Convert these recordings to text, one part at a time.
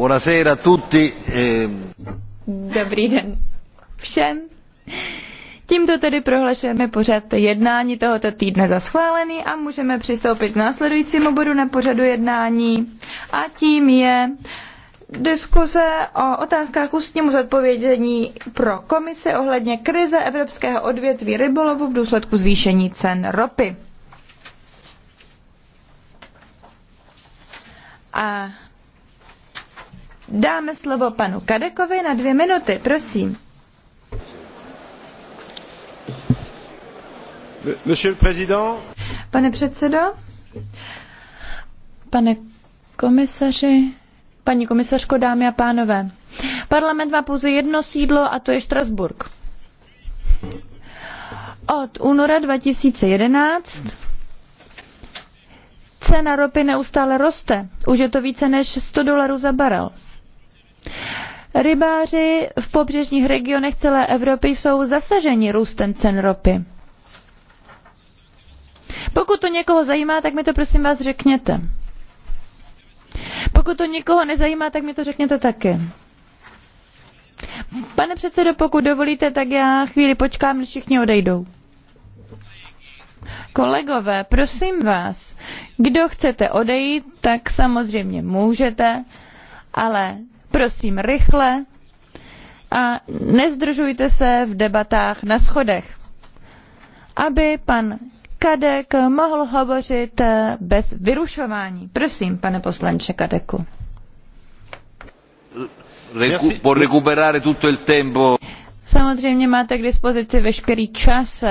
Buonasera tutti. Ehm. Dobrý den všem. Tímto tedy prohlašujeme pořad jednání tohoto týdne za schválený a můžeme přistoupit k následujícímu bodu na pořadu jednání a tím je diskuze o otázkách ústnímu zodpovědění pro komisi ohledně krize evropského odvětví rybolovu v důsledku zvýšení cen ropy. A dáme slovo panu Kadekovi na dvě minuty, prosím. Pane předsedo, pane komisaři, paní komisařko, dámy a pánové. Parlament má pouze jedno sídlo a to je Štrasburg. Od února 2011 cena ropy neustále roste. Už je to více než 100 dolarů za barel. Rybáři v pobřežních regionech celé Evropy jsou zasaženi růstem cen ropy. Pokud to někoho zajímá, tak mi to prosím vás řekněte. Pokud to někoho nezajímá, tak mi to řekněte taky. Pane předsedo, pokud dovolíte, tak já chvíli počkám, než všichni odejdou. Kolegové, prosím vás, kdo chcete odejít, tak samozřejmě můžete, ale prosím rychle a nezdržujte se v debatách na schodech, aby pan Kadek mohl hovořit eh, bez vyrušování. Prosím, pane poslanče Kadeku. Samozřejmě máte k dispozici veškerý čas.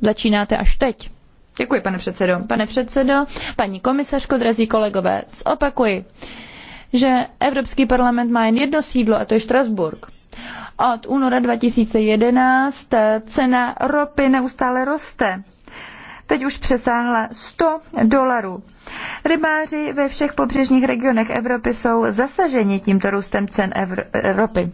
Začínáte až teď. Děkuji, pane předsedo. Pane předsedo, paní komisařko, drazí kolegové, zopakuji že Evropský parlament má jen jedno sídlo, a to je Štrasburg. Od února 2011 cena ropy neustále roste. Teď už přesáhla 100 dolarů. Rybáři ve všech pobřežních regionech Evropy jsou zasaženi tímto růstem cen ropy.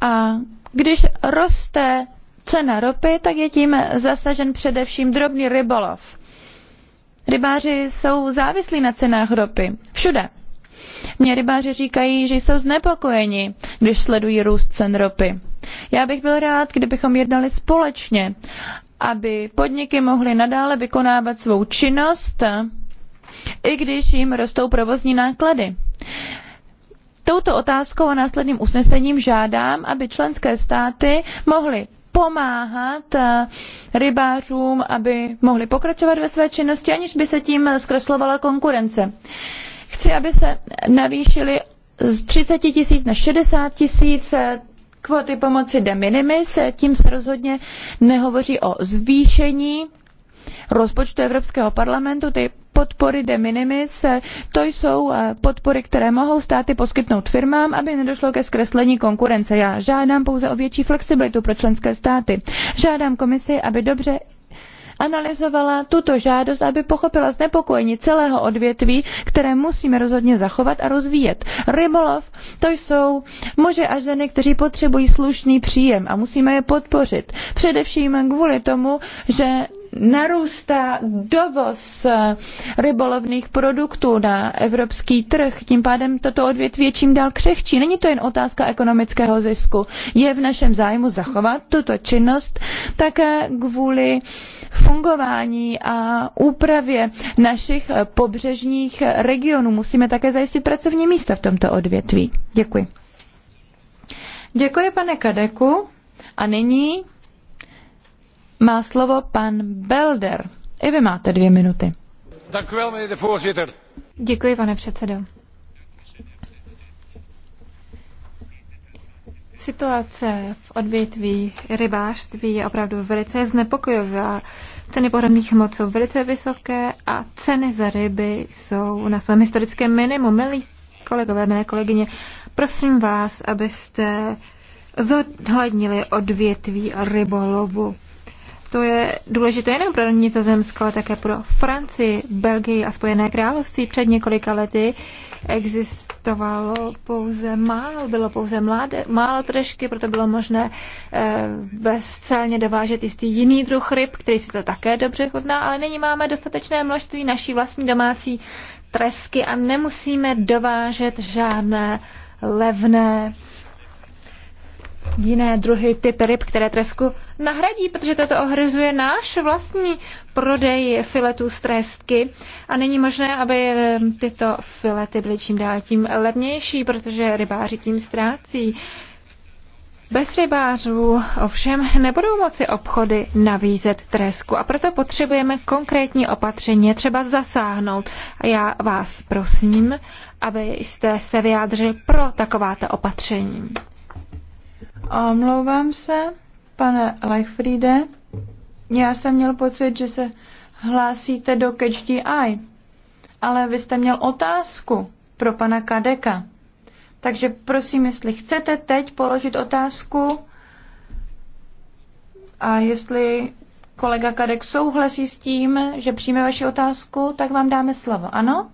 A když roste cena ropy, tak je tím zasažen především drobný rybolov. Rybáři jsou závislí na cenách ropy. Všude. Mě rybáři říkají, že jsou znepokojeni, když sledují růst cen ropy. Já bych byl rád, kdybychom jednali společně, aby podniky mohly nadále vykonávat svou činnost, i když jim rostou provozní náklady. Touto otázkou a následným usnesením žádám, aby členské státy mohly pomáhat eh, rybářům, aby mohli pokračovat ve své činnosti, aniž by se tím zkreslovala konkurence. Chci, aby se navýšily z 30 tisíc na 60 tisíc eh, kvóty pomoci de minimis, tím se rozhodně nehovoří o zvýšení rozpočtu Evropského parlamentu, ty podpory de minimis, eh, to jsou eh, podpory, které mohou státy poskytnout firmám, aby nedošlo ke zkreslení konkurence. Já žádám pouze o větší flexibilitu pro členské státy. Žádám komisi, aby dobře analyzovala tuto žádost, aby pochopila znepokojení celého odvětví, které musíme rozhodně zachovat a rozvíjet. Rybolov, to jsou muži a ženy, kteří potřebují slušný příjem a musíme je podpořit. Především kvůli tomu, že narůstá dovoz eh, rybolovných produktů na evropský trh, tím pádem toto odvětví je čím dál křehčí. Není to jen otázka ekonomického zisku. Je v našem zájmu zachovat tuto činnost také kvůli fungování a úpravě našich eh, pobřežních regionů. Musíme také zajistit pracovní místa v tomto odvětví. Děkuji. Děkuji, pane Kadeku. A nyní má slovo pan Belder. I vy máte dvě minuty. Děkuji, pane předsedo. Situace v odvětví rybářství je opravdu velice znepokojivá. Ceny pohromných hmot jsou velice vysoké a ceny za ryby jsou na svém historickém minimu. Milí kolegové, milé kolegyně, prosím vás, abyste zohlednili odvětví rybolovu to je důležité jenom pro Nizozemsko, ale také pro Francii, Belgii a Spojené království. Před několika lety existovalo pouze málo, bylo pouze mláde, málo trošky, proto bylo možné eh, bezcelně dovážet jistý jiný druh ryb, který si to také dobře chodná, ale nyní máme dostatečné množství naší vlastní domácí tresky a nemusíme dovážet žádné levné eh, jiné druhy, typ ryb, které tresku nahradí, protože toto ohrozuje náš vlastní prodej filetů z trestky a není možné, aby eh, tyto filety byly čím dál tím levnější, protože rybáři tím ztrácí. Bez rybářů ovšem nebudou moci obchody navízet tresku a proto potřebujeme konkrétní opatření, třeba zasáhnout. A já vás prosím, abyste se vyjádřili pro takováto opatření. Omlouvám se, pane Leichfriede. Já jsem měl pocit, že se hlásíte do Catch ale vy jste měl otázku pro pana Kadeka. Takže prosím, jestli chcete teď položit otázku a jestli kolega Kadek souhlasí s tím, že přijme vaši otázku, tak vám dáme slovo. Ano?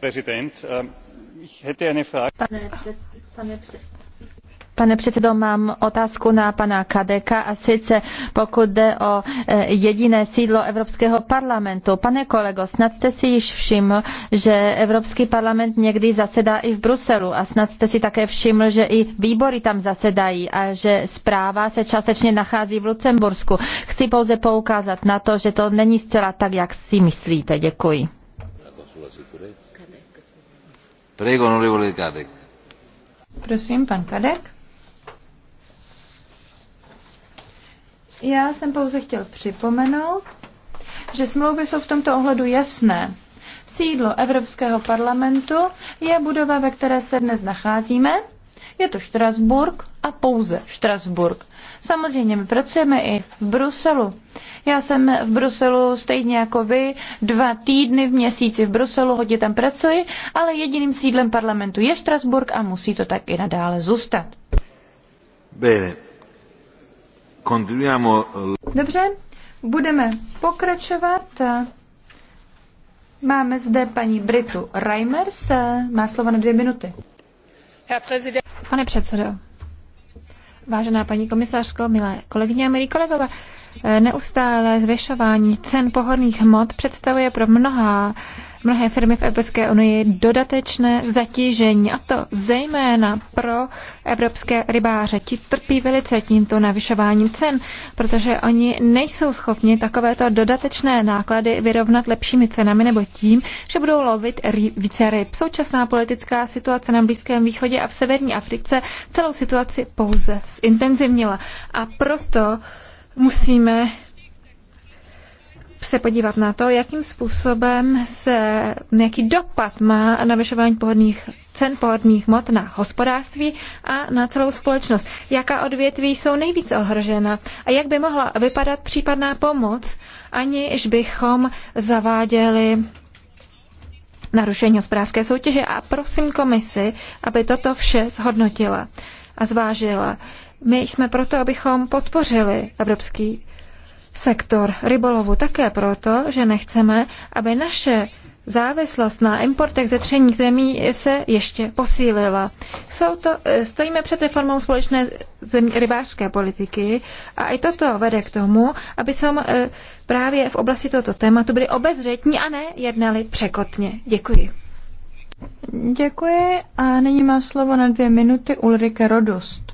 Prezident, eh, Pane, předsedající, pane, předsedo, mám otázku na pana Kadeka a sice pokud jde o e, jediné sídlo Evropského parlamentu. Pane kolego, snad jste si již všiml, že Evropský parlament někdy zasedá i v Bruselu a snad jste si také všiml, že i výbory tam zasedají a že zpráva se částečně nachází v Lucembursku. Chci pouze poukázat na to, že to není zcela tak, jak si myslíte. Děkuji. Prego, onorevole Kadek. Prosím, pan Kadek. Já jsem pouze chtěl připomenout, že smlouvy jsou v tomto ohledu jasné. Sídlo Evropského parlamentu je budova, ve které se dnes nacházíme. Je to Štrasburg a pouze Štrasburg. Samozřejmě my pracujeme i v Bruselu. Já jsem v Bruselu stejně jako vy, dva týdny v měsíci v Bruselu, hodně tam pracuji, ale jediným sídlem parlamentu je Štrasburg a musí to tak i nadále zůstat. Bene. Continuiamo... Eh, Dobře, budeme pokračovat. Máme zde paní Britu Reimers, má slovo na dvě minuty. Pane předsedo, Vážená paní komisařko, milé kolegyně a milí kolegové, Eh, neustále zvyšování cen pohodných hmot představuje pro mnoha, mnohé firmy v Evropské unii dodatečné zatížení, a to zejména pro evropské rybáře. Ti trpí velice tímto navyšováním cen, protože oni nejsou schopni takovéto dodatečné náklady vyrovnat lepšími cenami nebo tím, že budou lovit ry- více ryb. Současná politická situace na Blízkém východě a v severní Africe celou situaci pouze zintenzivnila. A proto musíme se podívat na to, jakým způsobem se, nějaký dopad má na vyšování pohodných cen pohodných mod na hospodářství a na celou společnost. Jaká odvětví jsou nejvíce ohrožena a jak by mohla vypadat případná pomoc, aniž bychom zaváděli narušení hospodářské soutěže a prosím komisi, aby toto vše zhodnotila a zvážila. My jsme proto, abychom podpořili evropský sektor rybolovu také proto, že nechceme, aby naše závislost na importech ze třetích zemí se ještě posílila. Jsou to, eh, stojíme před reformou společné rybářské politiky a i toto vede k tomu, aby jsme eh, právě v oblasti tohoto tématu byli obezřetní a ne jednali překotně. Děkuji. Děkuji a nyní má slovo na dvě minuty Ulrike Rodost.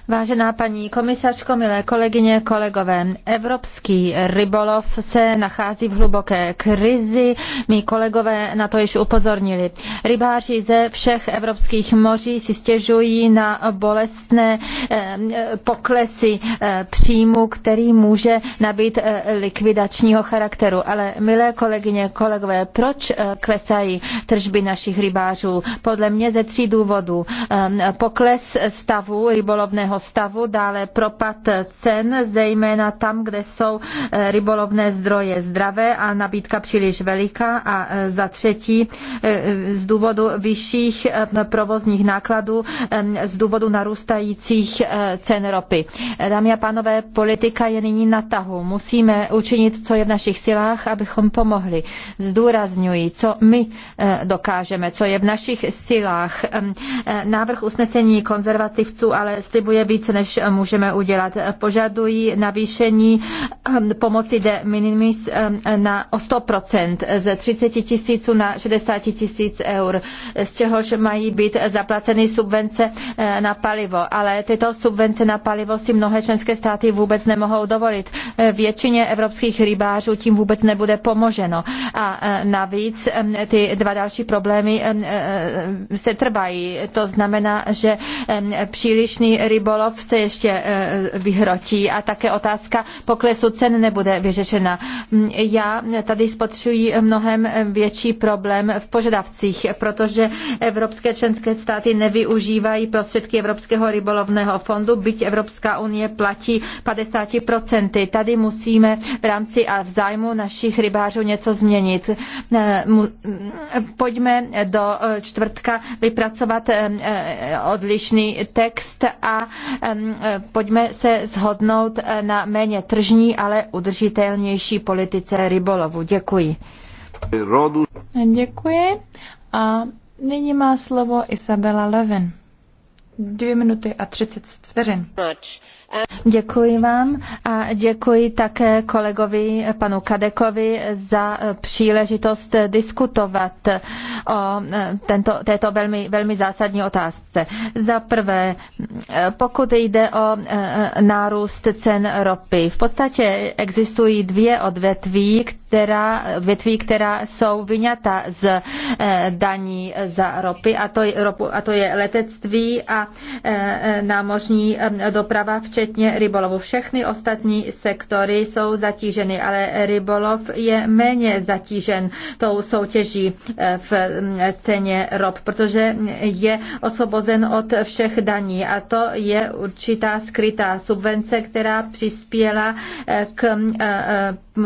Vážená paní komisařko, milé kolegyně, kolegové, evropský rybolov se nachází v hluboké krizi. Mí kolegové na to již upozornili. Rybáři ze všech evropských moří si stěžují na bolestné eh, poklesy eh, příjmu, který může nabít eh, likvidačního charakteru. Ale milé kolegyně, kolegové, proč klesají tržby našich rybářů? Podle mě ze tří důvodů. Ehm, pokles stavu rybolovného válečného stavu, dále propad cen, zejména tam, kde jsou eh, rybolovné zdroje zdravé a nabídka příliš veliká a eh, za třetí eh, z důvodu vyšších provozních nákladů, z důvodu narůstajících cen ropy. Dámy a pánové, politika je nyní na tahu. Musíme učinit, co je v našich silách, abychom pomohli. Zdůrazňuji, co my dokážeme, co je v našich silách. Návrh usnesení konzervativců ale slibuje je více, než můžeme udělat. Požadují navýšení ehm, pomoci de minimis ehm, na o 100% ze 30 tisíců na 60 tisíc eur, z čehož mají být zaplaceny subvence eh, na palivo. Ale tyto subvence na palivo si mnohé členské státy vůbec nemohou dovolit. Eh, většině evropských rybářů tím vůbec nebude pomoženo. A eh, navíc ehm, ty dva další problémy se trvají. To znamená, že přílišný rybo rybolov se ještě e, vyhrotí a také otázka poklesu cen nebude vyřešena. Mm, já tady spotřuji mnohem větší problém v požadavcích, protože evropské členské státy nevyužívají prostředky Evropského rybolovného fondu, byť Evropská unie platí 50%. Tady musíme v rámci a v zájmu našich rybářů něco změnit. E, mm, pojďme do e, čtvrtka vypracovat odlišný text a Eh, pojďme se shodnout eh, na méně tržní, ale udržitelnější politice rybolovu. Děkuji. Děkuji. A nyní má slovo Isabela Levin dvě minuty a 30 vteřin. Děkuji vám a děkuji také kolegovi panu Kadekovi za eh, příležitost diskutovat o eh, tento, této velmi, velmi zásadní otázce. Za prvé, eh, pokud jde o nárůst cen ropy, v podstatě existují dvě odvětví, která, větví, která jsou vyňata z eh, daní za ropy, a to, ropu, a to je letectví a eh, námořní eh, doprava, včetně rybolovu. Všechny ostatní sektory jsou zatíženy, ale rybolov je méně zatížen tou soutěží v mm, ceně rop, protože je osvobozen od všech daní a to je určitá skrytá subvence, která přispěla k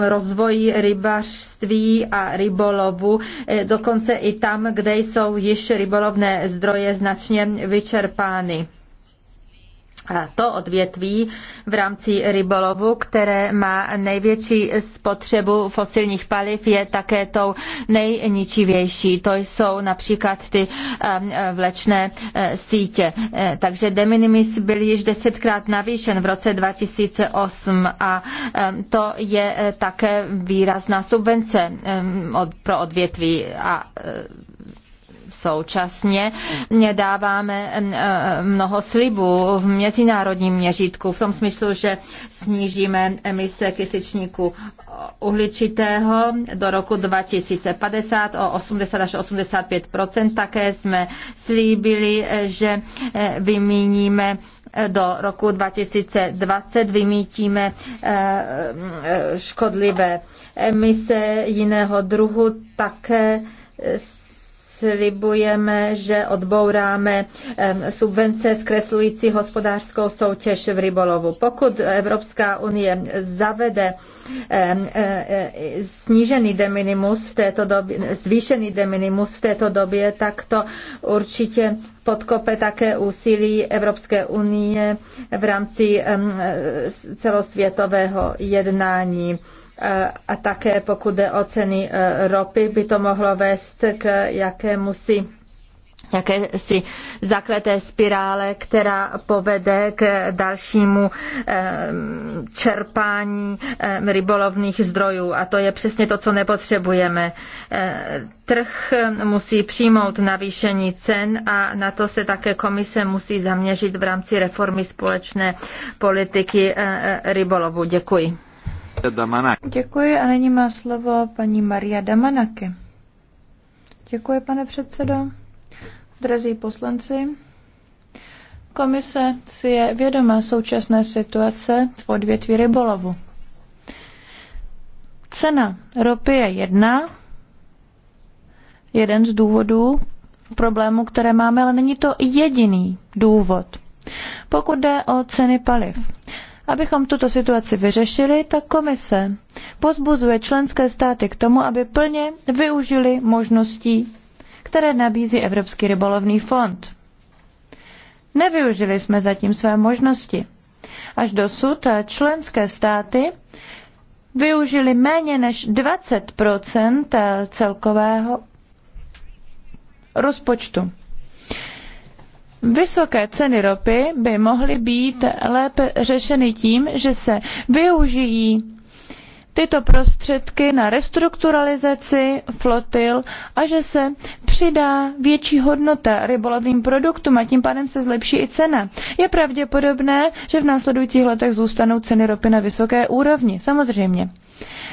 rozvoji rybolovu rybařství a rybolovu, eh, dokonce i tam, kde jsou již rybolovné zdroje značně vyčerpány to odvětví v rámci rybolovu, které má největší spotřebu fosilních paliv, je také tou nejničivější. To jsou například ty vlečné eh, sítě. Eh, takže de minimis byl již desetkrát navýšen v roce 2008 a to je eh, také výrazná subvence pro odvětví a Současně dáváme eh, eh, mnoho slibů v mezinárodním měřítku v tom smyslu, že snížíme emise kysličníku uhličitého do roku 2050 o 80 až 85 Také jsme slíbili, že eh, vymíníme do roku 2020 vymítíme škodlivé emise jiného druhu, také slibujeme, že odbouráme subvence zkreslující hospodářskou soutěž v rybolovu. Pokud Evropská unie zavede e, e, snížený de minimus v této době, zvýšený de minimus v této době, tak to určitě podkope také úsilí Evropské unie v rámci celosvětového jednání. Eh, a také pokud jde o ceny eh, ropy, by to mohlo vést k jakému si jaké si zakleté spirále, která povede k dalšímu eh, čerpání rybolovných zdrojů. A to je přesně to, co nepotřebujeme. Trh musí přijmout navýšení cen a na to se také komise musí zaměřit v rámci reformy společné politiky rybolovu. Děkuji. Děkuji a nyní má slovo paní Maria Damanaky. Děkuji, pane předsedo. Drazí poslanci, komise si je vědoma současné situace v odvětví rybolovu. Cena ropy je jedna, jeden z důvodů problému, které máme, ale není to jediný důvod. Pokud jde o ceny paliv, Abychom tuto situaci vyřešili, tak komise pozbuzuje členské státy k tomu, aby plně využili možností, které nabízí Evropský rybolovný fond. Nevyužili jsme zatím své možnosti. Až dosud členské státy využili méně než 20 celkového rozpočtu. Vysoké ceny ropy by mohly být lépe řešeny tím, že se využijí tyto prostředky na restrukturalizaci flotil a že se přidá větší hodnota rybolovným produktům a tím pádem se zlepší i cena. Je pravděpodobné, že v následujících letech zůstanou ceny ropy na vysoké úrovni, samozřejmě.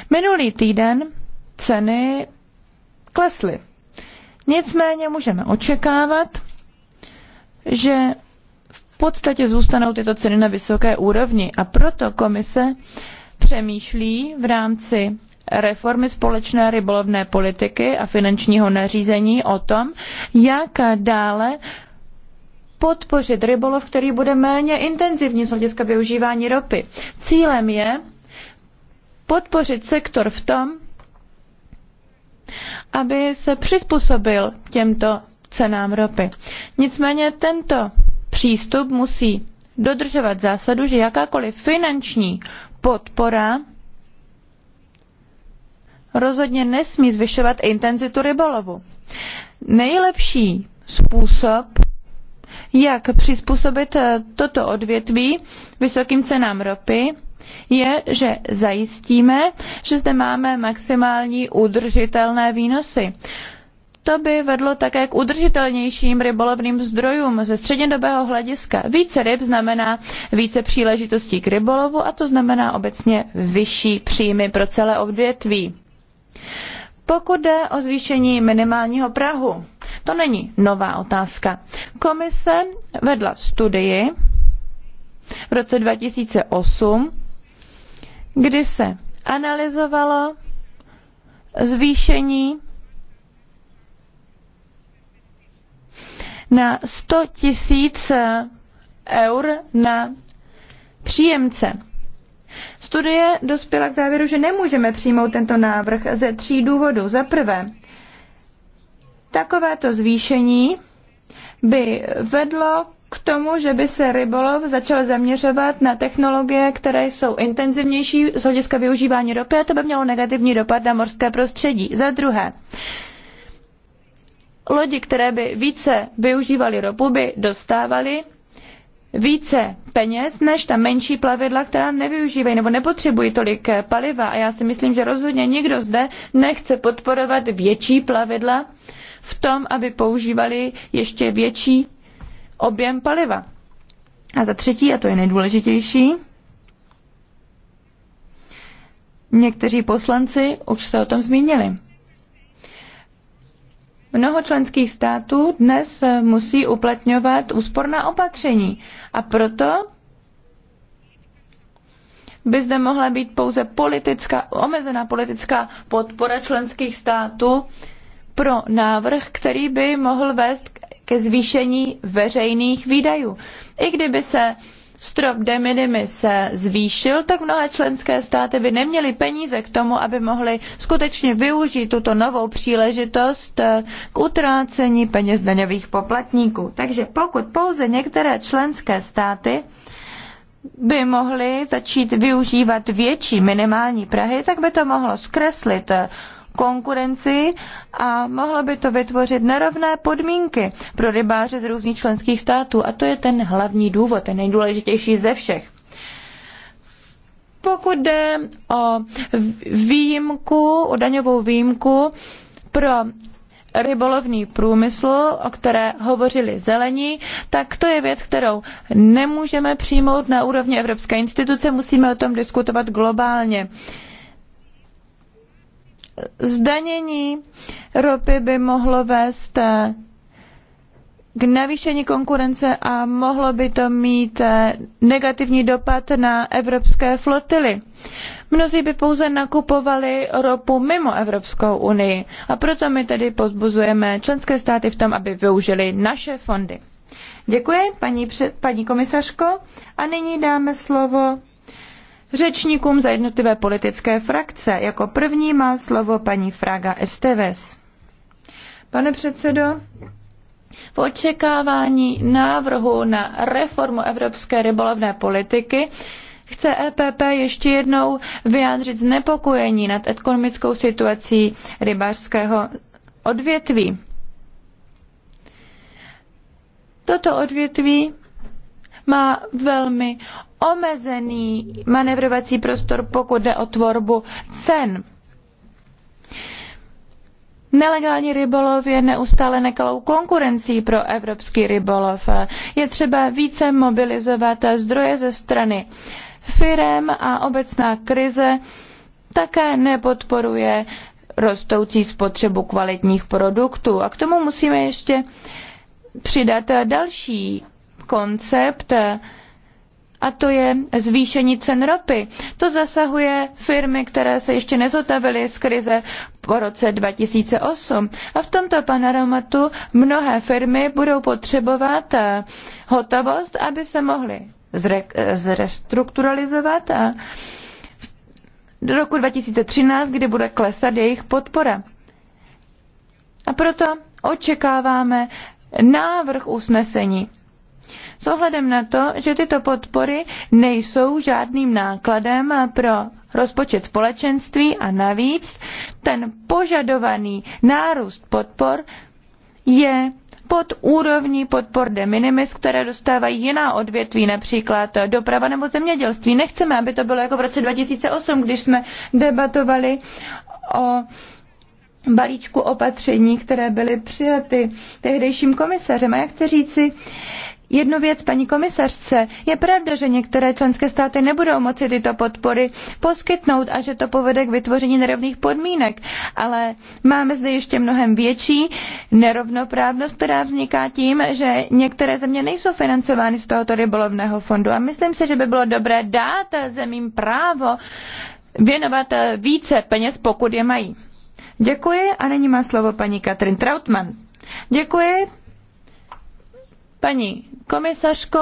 Minulý týden ceny klesly. Nicméně můžeme očekávat, že v podstatě zůstanou tyto ceny na vysoké úrovni a proto komise přemýšlí v rámci reformy společné rybolovné politiky a finančního nařízení o tom, jak dále podpořit rybolov, který bude méně intenzivní z hlediska využívání ropy. Cílem je podpořit sektor v tom, aby se přizpůsobil těmto cenám ropy. Nicméně tento přístup musí dodržovat zásadu, že jakákoliv finanční podpora rozhodně nesmí zvyšovat intenzitu rybolovu. Nejlepší způsob, jak přizpůsobit eh, toto odvětví vysokým cenám ropy, je, že zajistíme, že zde máme maximální udržitelné výnosy. To by vedlo také k udržitelnějším rybolovným zdrojům ze střednědobého hlediska. Více ryb znamená více příležitostí k rybolovu a to znamená obecně vyšší příjmy pro celé odvětví. Pokud jde o zvýšení minimálního prahu, to není nová otázka. Komise vedla studii v roce 2008, kdy se analyzovalo zvýšení na 100 tisíc eh, eur na příjemce. Studie dospěla k závěru, že nemůžeme přijmout tento návrh ze tří důvodů. Za prvé, takovéto zvýšení by vedlo k tomu, že by se rybolov začal zaměřovat na technologie, které jsou intenzivnější z hlediska využívání ropy a to by mělo negativní dopad na mořské prostředí. Za druhé, lodi, které by více využívaly ropu, by dostávaly více peněz než ta menší plavidla, která nevyužívají nebo nepotřebují tolik eh, paliva. A já si myslím, že rozhodně nikdo zde nechce podporovat větší plavidla v tom, aby používali ještě větší objem paliva. A za třetí, a to je nejdůležitější, někteří poslanci už se o tom zmínili. Mnoho členských států dnes eh, musí uplatňovat úsporná opatření a proto by zde mohla být pouze politická, omezená politická podpora členských států pro návrh, který by mohl vést ke zvýšení veřejných výdajů. I kdyby se strop de minimis zvýšil, tak mnohé členské státy by neměly peníze k tomu, aby mohly skutečně využít tuto novou příležitost eh, k utrácení peněz daňových poplatníků. Takže pokud pouze některé členské státy by mohly začít využívat větší minimální Prahy, tak by to mohlo zkreslit eh, konkurenci a mohlo by to vytvořit nerovné podmínky pro rybáře z různých členských států. A to je ten hlavní důvod, ten nejdůležitější ze všech. Pokud jde o výjimku, o daňovou výjimku pro rybolovný průmysl, o které hovořili zelení, tak to je věc, kterou nemůžeme přijmout na úrovni Evropské instituce, musíme o tom diskutovat globálně. Uh, zdanění ropy by mohlo vést eh, k navýšení konkurence a mohlo by to mít eh, negativní dopad na evropské flotily. Mnozí by pouze nakupovali ropu mimo Evropskou unii a proto my tedy pozbuzujeme členské státy v tom, aby využili naše fondy. Děkuji, paní, před, paní komisařko, a nyní dáme slovo řečníkům za jednotlivé politické frakce. Jako první má slovo paní Fraga Esteves. Pane předsedo, v očekávání návrhu na reformu evropské rybolovné politiky chce EPP ještě jednou vyjádřit znepokojení nad ekonomickou situací rybářského odvětví. Toto odvětví má velmi omezený manevrovací prostor, pokud jde o tvorbu cen. Nelegální rybolov je neustále nekalou konkurencí pro evropský rybolov. Je třeba více mobilizovat zdroje ze strany firem a obecná krize také nepodporuje rostoucí spotřebu kvalitních produktů. A k tomu musíme ještě přidat další koncept, a to je zvýšení cen ropy. To zasahuje firmy, které se ještě nezotavily z krize po roce 2008. A v tomto panoramatu mnohé firmy budou potřebovat eh, hotovost, aby se mohly zre- eh, zrestrukturalizovat a eh, do roku 2013, kdy bude klesat jejich podpora. A proto očekáváme návrh usnesení s ohledem na to, že tyto podpory nejsou žádným nákladem pro rozpočet společenství a navíc ten požadovaný nárůst podpor je pod úrovní podpor de minimis, které dostávají jiná odvětví, například doprava nebo zemědělství. Nechceme, aby to bylo jako v roce 2008, když jsme debatovali o balíčku opatření, které byly přijaty tehdejším komisařem. A já chci říci, jednu věc paní komisařce. Je pravda, že některé členské státy nebudou moci tyto podpory poskytnout a že to povede k vytvoření nerovných podmínek, ale máme zde ještě mnohem větší nerovnoprávnost, která vzniká tím, že některé země nejsou financovány z tohoto rybolovného fondu. A myslím si, že by bylo dobré dát zemím právo věnovat více peněz, pokud je mají. Děkuji a nyní má slovo paní Katrin Trautmann. Děkuji. Paní komisařko,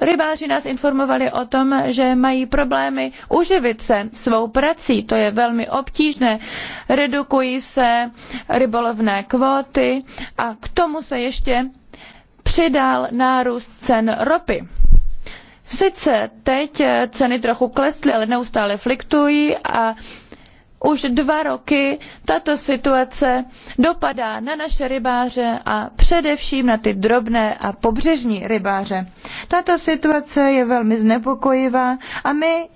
Rybáři nás informovali o tom, že mají problémy uživit se svou prací. To je velmi obtížné. Redukují se rybolovné kvóty a k tomu se ještě přidal nárůst cen ropy. Sice teď ceny trochu klesly, ale neustále fluktuují a už dva roky tato situace dopadá na naše rybáře a především na ty drobné a pobřežní rybáře. Tato situace je velmi znepokojivá a my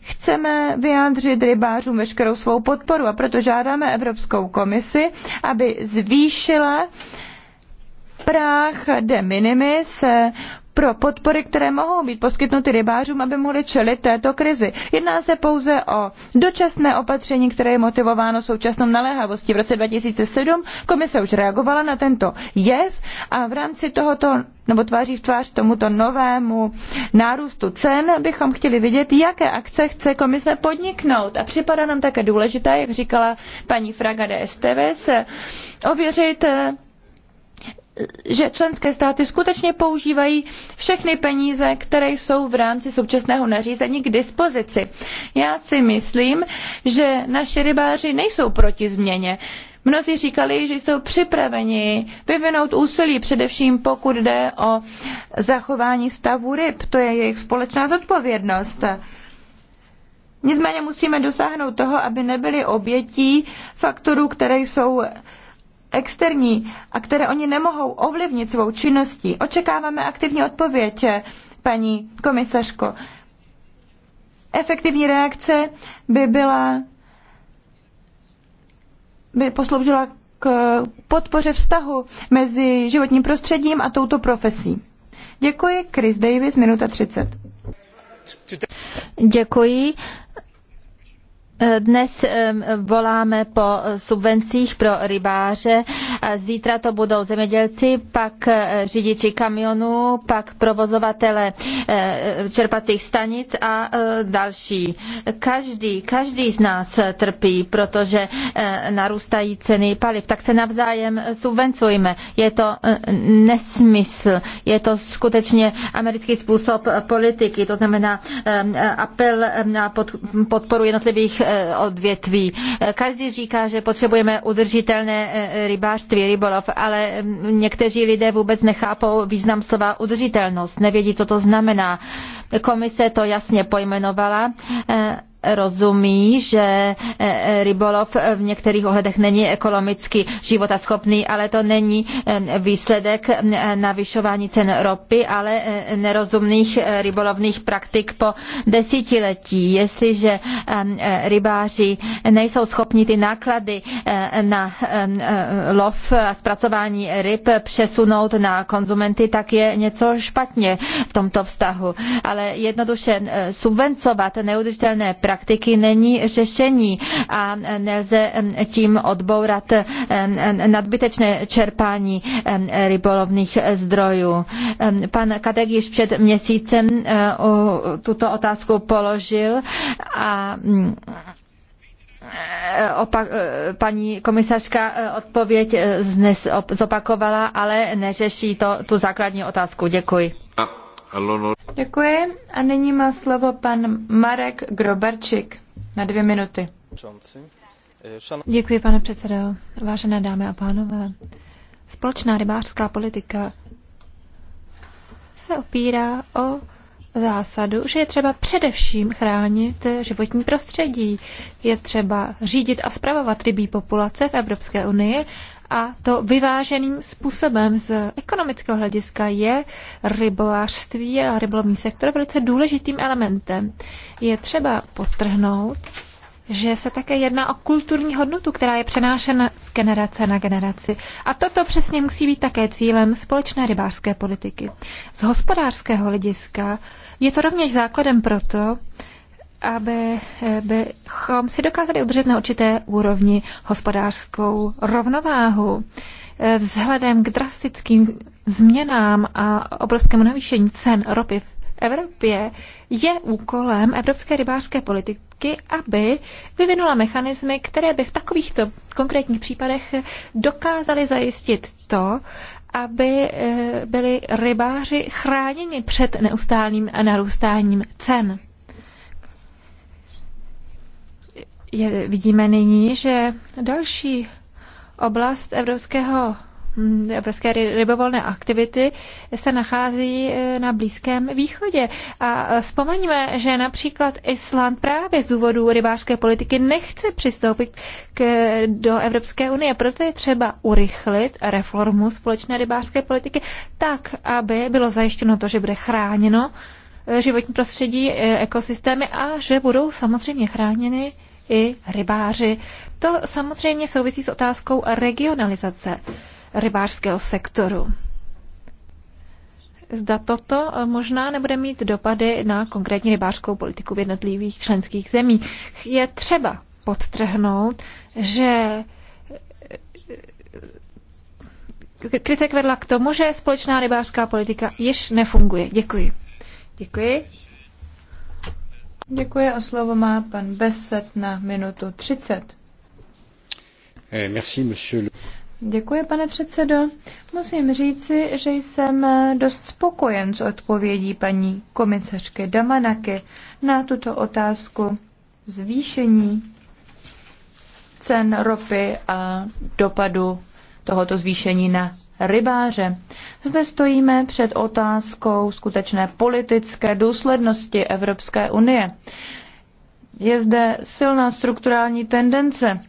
chceme vyjádřit rybářům veškerou svou podporu a proto žádáme Evropskou komisi, aby zvýšila práh de minimis eh, pro podpory, které mohou být poskytnuty rybářům, aby mohli čelit této krizi. Jedná se pouze o dočasné opatření, které je motivováno současnou naléhavostí. V roce 2007 komise už reagovala na tento jev a v rámci tohoto nebo tváří v tvář tomuto novému nárůstu cen bychom chtěli vidět, jaké akce chce komise podniknout. A připadá nám také důležité, jak říkala paní Fraga de Esteves, eh, ověřit eh, že členské státy skutečně používají všechny peníze, které jsou v rámci současného nařízení k dispozici. Já si myslím, že naši rybáři nejsou proti změně. Mnozí říkali, že jsou připraveni vyvinout úsilí, především pokud jde o zachování stavu ryb. To je jejich společná zodpovědnost. Nicméně musíme dosáhnout toho, aby nebyly obětí faktorů, které jsou externí a které oni nemohou ovlivnit svou činností. Očekáváme aktivní odpověď, eh, paní komisařko. Efektivní reakce by byla by posloužila k podpoře vztahu mezi životním prostředím a touto profesí. Děkuji, Chris Davis, minuta 30. Děkuji. Dnes eh, voláme po subvencích pro rybáře, zítra to budou zemědělci, pak eh, řidiči kamionů, pak provozovatele eh, čerpacích stanic a další. Každý, každý z nás trpí, protože narůstají ceny paliv, tak se navzájem subvencujme. Je to nesmysl, je to skutečně americký způsob politiky, to znamená apel na podporu jednotlivých Eh, odvětví. Každý říká, že potřebujeme udržitelné eh, rybářství, rybolov, ale mm, někteří lidé vůbec nechápou význam slova udržitelnost, nevědí, co to znamená. Komise to jasně pojmenovala eh, rozumí, že e, e, rybolov v některých ohledech není ekonomicky životaschopný, ale to není e, výsledek navyšování cen ropy, ale nerozumných rybolovných praktik po desítiletí. Jestliže rybáři nejsou schopni ty náklady na lov a zpracování ryb přesunout na konzumenty, tak je něco špatně v tomto vztahu. Ale jednoduše subvencovat neudržitelné praktiky praktiky není řešení a nelze tím odbourat nadbytečné čerpání rybolovných zdrojů. Pan Kadek již před měsícem e, tuto otázku položil a mm, e, Opa- e, paní komisařka odpověď zopakovala, ale neřeší to tu základní otázku. Děkuji. Děkuji a nyní má slovo pan Marek Grobarčik na dvě minuty. Děkuji, pane předsedo. Vážené dámy a pánové, společná rybářská politika se opírá o zásadu, že je třeba především chránit životní prostředí. Je třeba řídit a spravovat rybí populace v Evropské unii a to vyváženým způsobem z ekonomického hlediska je rybářství a rybolovní sektor velice důležitým elementem. Je třeba potrhnout, že se také jedná o kulturní hodnotu, která je přenášena z generace na generaci. A toto přesně musí být také cílem společné rybářské politiky. Z hospodářského hlediska je to rovněž základem proto, aby eh, bychom si dokázali udržet na určité úrovni hospodářskou rovnováhu. Eh, vzhledem k drastickým změnám a obrovskému navýšení cen ropy v Evropě je úkolem evropské rybářské politiky, aby vyvinula mechanismy, které by v takovýchto konkrétních případech dokázaly zajistit to, aby eh, byli rybáři chráněni před neustálým narůstáním cen. je, vidíme nyní, že další oblast evropského hm, evropské rybovolné aktivity se nachází e, na Blízkém východě. A e, vzpomeňme, že například Island právě z důvodu rybářské politiky nechce přistoupit k, e, do Evropské unie. Proto je třeba urychlit reformu společné rybářské politiky tak, aby bylo zajištěno to, že bude chráněno životní prostředí, ekosystémy a že budou samozřejmě chráněny i rybáři. To samozřejmě souvisí s otázkou regionalizace rybářského sektoru. Zda toto eh, možná nebude mít dopady na konkrétní rybářskou politiku v jednotlivých členských zemí. Je třeba podtrhnout, že eh, kritik vedla k tomu, že společná rybářská politika již nefunguje. Děkuji. Děkuji. Děkuji a slovo má pan Beset na minutu 30. Eh, merci, monsieur. Děkuji, pane předsedo. Musím říci, že jsem eh, dost spokojen s odpovědí paní komisařky Damanaky na tuto otázku zvýšení cen ropy a dopadu tohoto zvýšení na rybáře. Zde stojíme před otázkou skutečné politické důslednosti Evropské unie. Je zde silná strukturální tendence,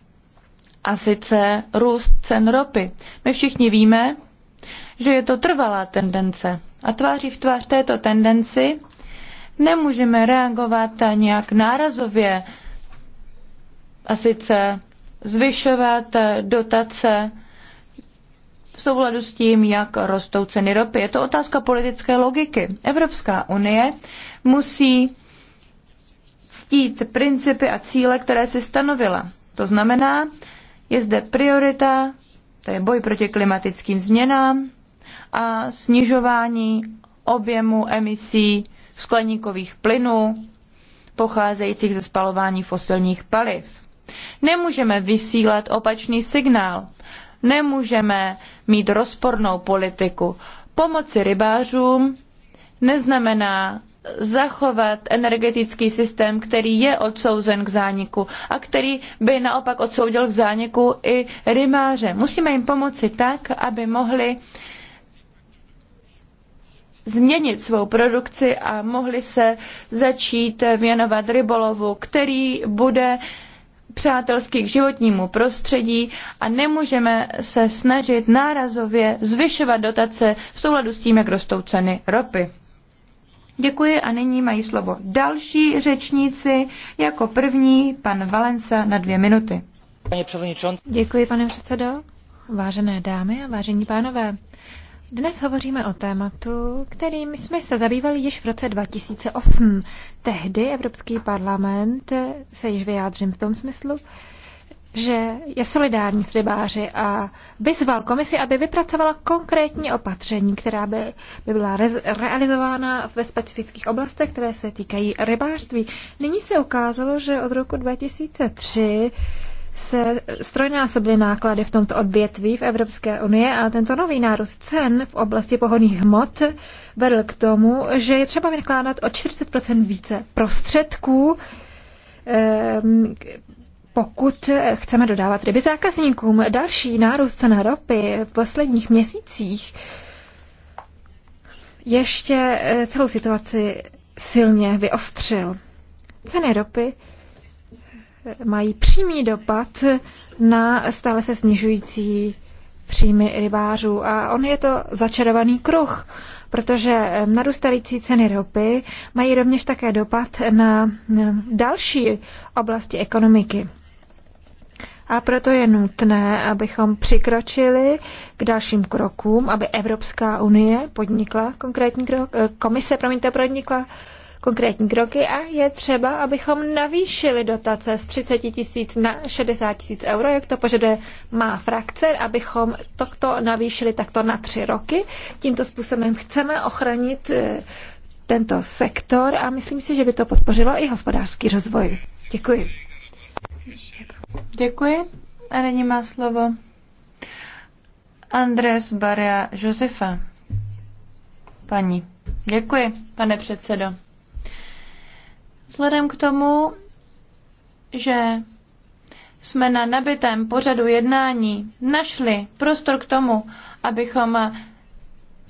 a sice růst cen ropy. My všichni víme, že je to trvalá tendence. A tváří v tvář této tendenci nemůžeme reagovat nějak nárazově a sice zvyšovat dotace v souladu s tím, jak rostou ceny ropy. Je to otázka politické logiky. Evropská unie musí ctít principy a cíle, které si stanovila. To znamená, je zde priorita, to je boj proti klimatickým změnám a snižování objemu emisí skleníkových plynů pocházejících ze spalování fosilních paliv. Nemůžeme vysílat opačný signál Nemůžeme mít rozpornou politiku. Pomoci rybářům neznamená zachovat energetický systém, který je odsouzen k zániku a který by naopak odsoudil k zániku i rybáře. Musíme jim pomoci tak, aby mohli změnit svou produkci a mohli se začít věnovat rybolovu, který bude uh, přátelský k životnímu prostředí a nemůžeme se snažit nárazově zvyšovat dotace v souladu s tím, jak rostou ceny ropy. Děkuji a nyní mají slovo další řečníci, jako první pan Valensa na dvě minuty. Děkuji, pane předsedo. Vážené dámy a vážení pánové, dnes hovoříme o tématu, kterým jsme se zabývali již v roce 2008. Tehdy Evropský parlament se již vyjádřím v tom smyslu, že je solidární s rybáři a vyzval komisi, aby vypracovala konkrétní opatření, která by, by byla re- realizována ve specifických oblastech, které se týkají rybářství. Nyní se ukázalo, že od roku 2003 se strojnásobily náklady v tomto odvětví v Evropské unie a tento nový nárůst cen v oblasti pohodných hmot vedl k tomu, že je třeba vynakládat o 40% více prostředků, ehm, pokud chceme dodávat ryby zákazníkům. Další nárůst cen ropy v posledních měsících ještě eh, celou situaci silně vyostřil. Ceny ropy mají přímý dopad na stále se snižující příjmy rybářů. A on je to začarovaný kruh, protože narůstající ceny ropy mají rovněž také dopad na další oblasti ekonomiky. A proto je nutné, abychom přikročili k dalším krokům, aby Evropská unie podnikla konkrétní krok, eh, komise, promiňte, podnikla konkrétní kroky a je třeba, abychom navýšili dotace z 30 tisíc na 60 tisíc euro, jak to požaduje má frakce, abychom toto navýšili takto na tři roky. Tímto způsobem chceme ochránit eh, tento sektor a myslím si, že by to podpořilo i hospodářský rozvoj. Děkuji. Děkuji. A nyní má slovo Andres Baria Josefa. Paní. Děkuji, pane předsedo. Vzhledem k tomu, že jsme na nabitém pořadu jednání našli prostor k tomu, abychom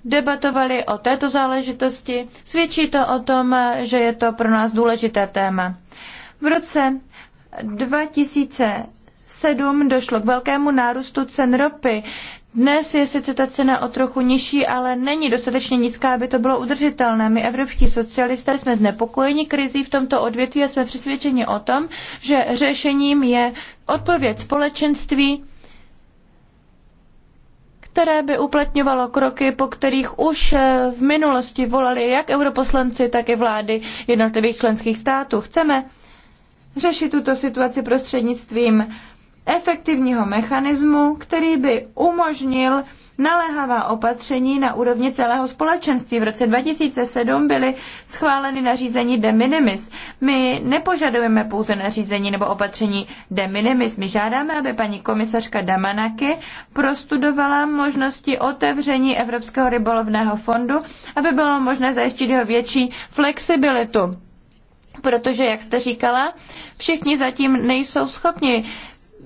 debatovali o této záležitosti, svědčí to o tom, že je to pro nás důležité téma. V roce 2007 došlo k velkému nárůstu cen ropy. Dnes je sice ta cena o trochu nižší, ale není dostatečně nízká, aby to bylo udržitelné. My, evropští socialisté, jsme znepokojeni krizí v tomto odvětví a jsme přesvědčeni o tom, že řešením je odpověď společenství, které by uplatňovalo kroky, po kterých už eh, v minulosti volali jak europoslanci, tak i vlády jednotlivých členských států. Chceme řešit tuto situaci prostřednictvím efektivního mechanismu, který by umožnil naléhavá opatření na úrovni celého společenství. V roce 2007 byly schváleny nařízení de minimis. My nepožadujeme pouze nařízení nebo opatření de minimis. My žádáme, aby paní komisařka Damanaki prostudovala možnosti otevření Evropského rybolovného fondu, aby bylo možné zajistit jeho větší flexibilitu. Protože, jak jste říkala, všichni zatím nejsou schopni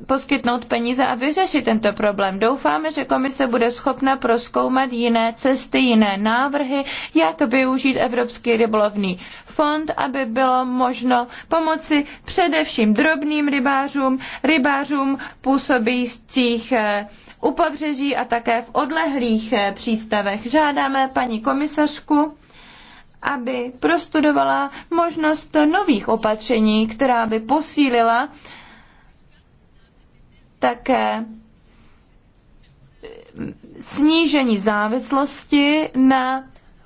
poskytnout peníze a vyřešit tento problém. Doufáme, že komise bude schopna proskoumat jiné cesty, jiné návrhy, jak využít Evropský rybolovný fond, aby bylo možno pomoci především drobným rybářům, rybářům působících eh, u pobřeží a také v odlehlých eh, přístavech. Žádáme paní komisařku, aby prostudovala možnost nových opatření, která by posílila také snížení závislosti na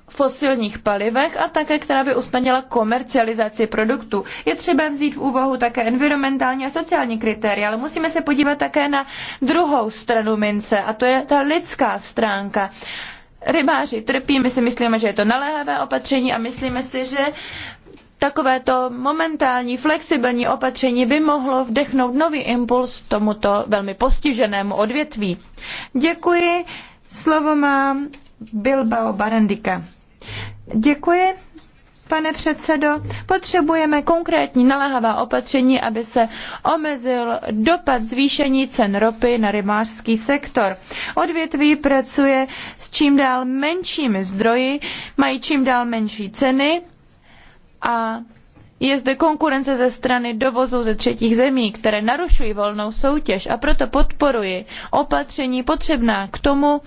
fosilních palivech a také, která by usnadnila komercializaci produktů. Je třeba vzít v úvahu také environmentální a sociální kritéria, ale musíme se podívat také na druhou stranu mince a to je ta lidská stránka. Rybáři trpí, my si myslíme, že je to naléhavé opatření a myslíme si, že Takovéto momentální flexibilní opatření by mohlo vdechnout nový impuls tomuto velmi postiženému odvětví. Děkuji. Slovo má Bilbao Barandika. Děkuji. Pane předsedo, potřebujeme konkrétní naléhavá opatření, aby se omezil dopad zvýšení cen ropy na rybářský sektor. Odvětví pracuje s čím dál menšími zdroji, mají čím dál menší ceny a je zde konkurence ze strany dovozu ze třetích zemí, které narušují volnou soutěž a proto podporuji opatření potřebná k tomu,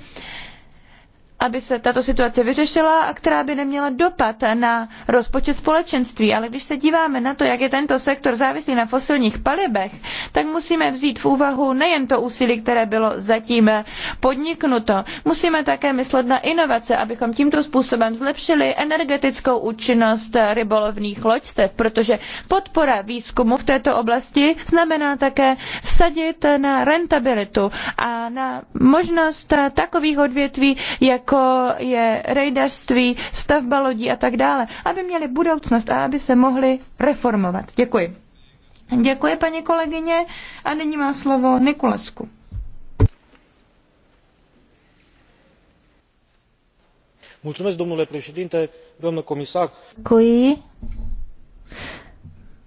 aby se tato situace vyřešila a která by neměla dopad na rozpočet společenství. Ale když se díváme na to, jak je tento sektor závislý na fosilních palibech, tak musíme vzít v úvahu nejen to úsilí, které bylo zatím podniknuto. Musíme také myslet na inovace, abychom tímto způsobem zlepšili energetickou účinnost rybolovných loďstev, protože podpora výzkumu v této oblasti znamená také vsadit na rentabilitu a na možnost takových odvětví, jako jako je rejdařství, stavba lodí a tak dále, aby měli budoucnost a aby se mohli reformovat. Děkuji. Děkuji, paní kolegyně. A nyní má slovo Nikulesku. Mulțumesc, domnule președinte, domnule comisar. Děkuji.